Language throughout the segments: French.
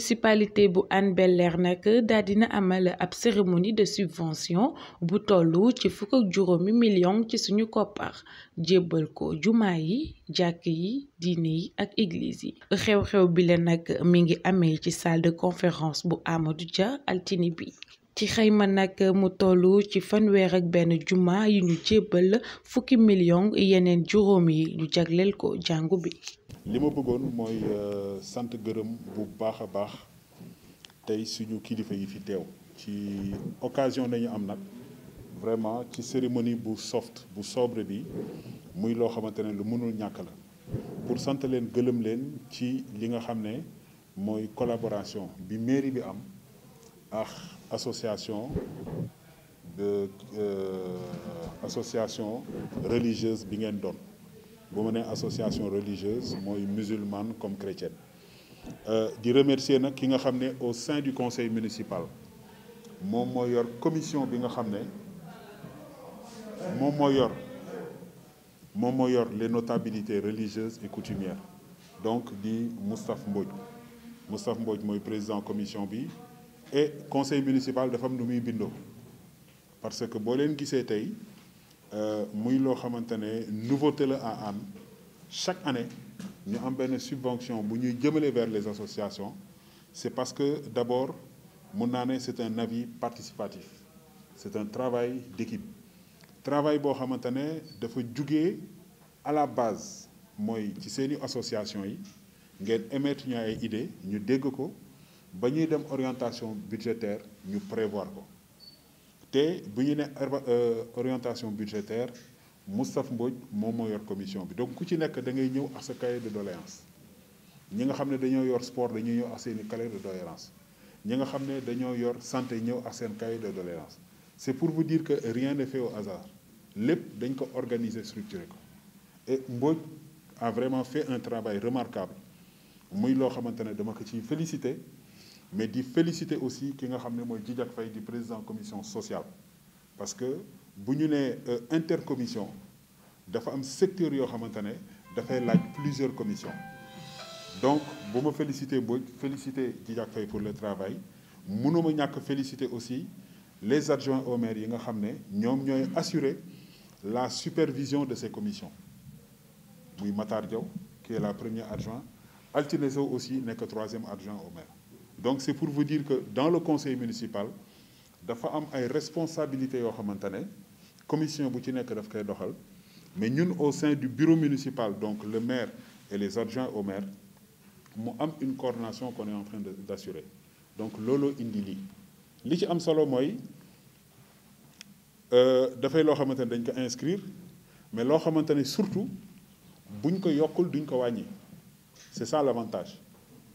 municipalité bu Anne bel nak nag dina amal ab cérémonie de subvention bu tollu ci fuk ak juróomi million ci suñu koppar jébbal ko djuma yi jàkk yi diine yi ak église yi xew-xew bi la nak mi ngi amé ci salle de conférence bu Amadou Dia Altini bi ci xeyma nak mu tollu ci fanweer ak ben djuma yi ñu jébbal fukki million yenen juróom yi ñu jagleel ko jàngu bi Lima ma moy sante euh, sant bu baax a tay tey suñu kilifa yi fi ci occasion nañu am vraiment ci cérémonie bu soft bu sobre bi muy lo xamantene lu mënul ñàkk la pour sante len gëlëm len ci li nga xam moy collaboration bi mairie bi am ak association de euh, association religieuse bi ngeen doon bu une association religieuse musulmane comme chrétienne je euh, remercier nag ki nga au sein du conseil municipal mon meilleur commission bi nga mon mon les notabilités religieuses et coutumières donc dit Moustapha Mbodj Moustapha Mbodj le président commission bi et conseil municipal de femmes nu parce que si vous s'est tey euh, muy loo xamante ne nouveauté la à chaque année ñu am benn subvention bu ñuy jëmale vers les associations c'est parce que d'abord mon naa c'est un avis participatif c'est un travail d'équipe travail boo xamante ne dafa jugee à la base mooy ci seeni association yi ngeen émettre ñu ay idées ñu dégg ko ba ñuy dem orientation budgétaire ñu prévoir ko si bu avez euh, orientation budgétaire Moustapha Mbouy, est yor commission donc ku ci nekk da ngay ce cahier de doléances, vous nga que vous avez yor sport vous avez ak cahier de doléances. Vous nga que vous avez yor santé vous ak un cahier de doléances. c'est pour vous dire que rien n'est fait au hasard L'EP, dañ ko organiser structuré et Mbouy a vraiment fait un travail remarquable Je vous félicite. dama féliciter mais je féliciter aussi ki nga de président président commission sociale parce que nous sommes une intercommission dafa am secteur yo plusieurs commissions donc je me féliciter Faye pour le travail je ñak féliciter aussi les adjoints au maire yi nga xamné assurer la supervision de ces commissions Oui, Matar Diaw qui est la première adjoint aussi aussi aussi le troisième adjoint au maire donc c'est pour vous dire que dans le conseil municipal dafa a une responsabilités responsabilité, commission bu ci daf mais nous, au sein du bureau municipal donc le maire et les adjoints au maire nous avons une coordination qu'on est en train d'assurer donc lolo indi am solo euh, inscrire mais surtout c'est ça l'avantage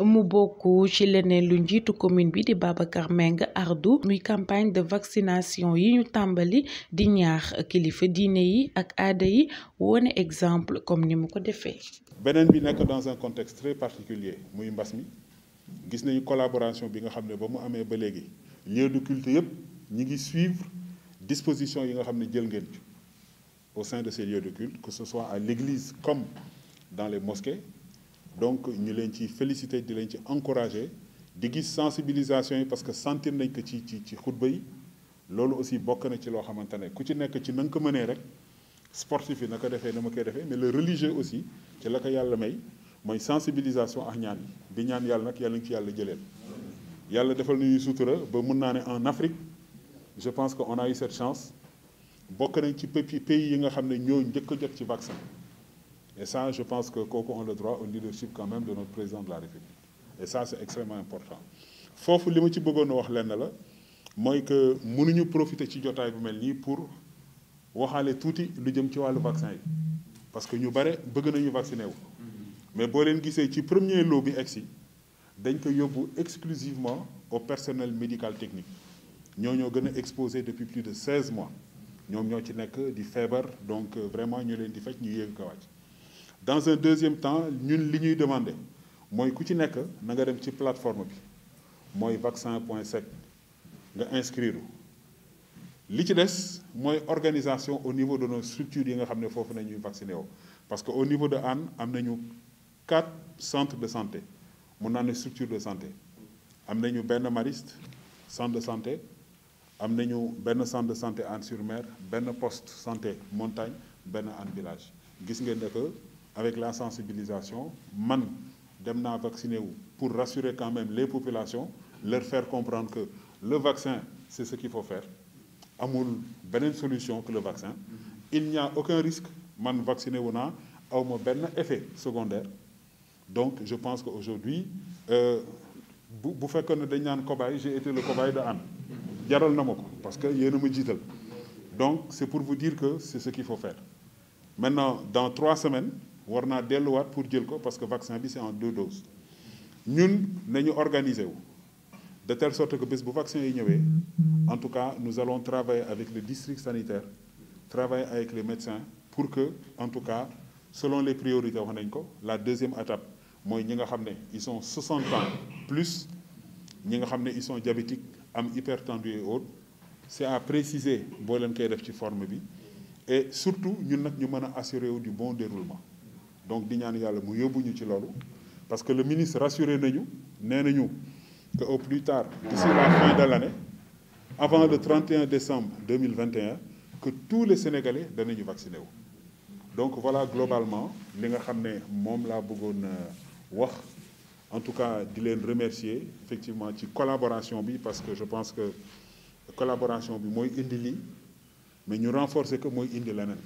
mu chez ci leneen lu njiitu commune bi de Babacar Ardou, ardu campagne de vaccination yi ñu tàmbali di ñaax kilifa diine yi ak aada yi Un exemple comme nous mu fait. defee. beneen bi dans un contexte très particulier muy Nous avons gis collaboration bi nga xam ba mu ba de culte nous ñi suivre disposition yi nga nous ne jël au sein de ces lieux de culte que ce soit à l'église comme dans les mosquées donc ñu leen ci félicité di leen ci di sensibilisation parce que sentir nañ ko ci ci ci khutba yi lolu aussi bokk na ci lo xamante ku ci nek ci nang ko mënee rek sportif yi naka ko dama na ma koy defee mais le religieux aussi ci la ko yalla may moy sensibilisation ak ñaan bi di ñaan yalla nak yalla ci yalla jëleel yalla defal ñuy sutura ba mun naa ne en Afrique je pense que on a eu cette chance bokk nañ ci pays yi nga xamné ñoo njëkk jot ci vaccin et ça, je pense que Coco a le droit au leadership quand même de notre président de la République. Et ça, c'est extrêmement important. Il li que ci bëggoon wax lenn la mooy que mënuñu profiter ci jotaay bu mel pour waxaale tuuti lu jëm ci wàllu vaccin parce que ñu bare bëgg nañu vacciner wu. mais boo leen gisee ci premier lot bi exi dañ ko exclusivement au personnel médical technique Nous ñoo gën a depuis plus de 16 mois Nous ñoo ci nekk di feebar donc euh, vraiment nous leen di faj ñu dans un deuxième temps nous li ñuy demander avons ku ci plateforme bi vaccin 1.7, inscrire li ci organisation au niveau de nos structures yi nga parce qu'au niveau de Anne, nous avons quatre centres de santé Nous avons une structure de santé Nous avons un mariste centre de santé nous avons centre de santé anne sur Mer un poste santé montagne un village gis ngeen que avec la sensibilisation man pour rassurer quand même les populations leur faire comprendre que le vaccin c'est ce qu'il faut faire solution que le vaccin il n'y a aucun risque man vacciné ou non, au un effet secondaire donc je pense qu'aujourd'hui, vous faites que nous cobaye j'ai été le cobaye de Anne. jaral parce que donc c'est pour vous dire que c'est ce qu'il faut faire maintenant dans trois semaines war naa delluwaat pour jël ko parce que vaccin bi c'est en deux doses Nous, nañu organiser wu de telle sorte que bés bu vaccin yi ñëwee en tout cas nous allons travailler avec le district sanitaire travailler avec les médecins pour que en tout cas selon les priorités wax la deuxième étape mooy ñi nga ils sont 60 ans plus ñi nga ils sont diabétiques am tendus, et autres c'est à préciser boo leen koy def ci forme et surtout nous allons ñu assurer du bon déroulement donc di parce que le ministre rassuré nous que au plus tard d'ici la fin de l'année avant le 31 décembre 2021 que tous les sénégalais danañu vaccinés. donc voilà globalement je nga euh, en tout cas remercier effectivement la collaboration parce que je pense que collaboration est une mais nous renforçons que une indi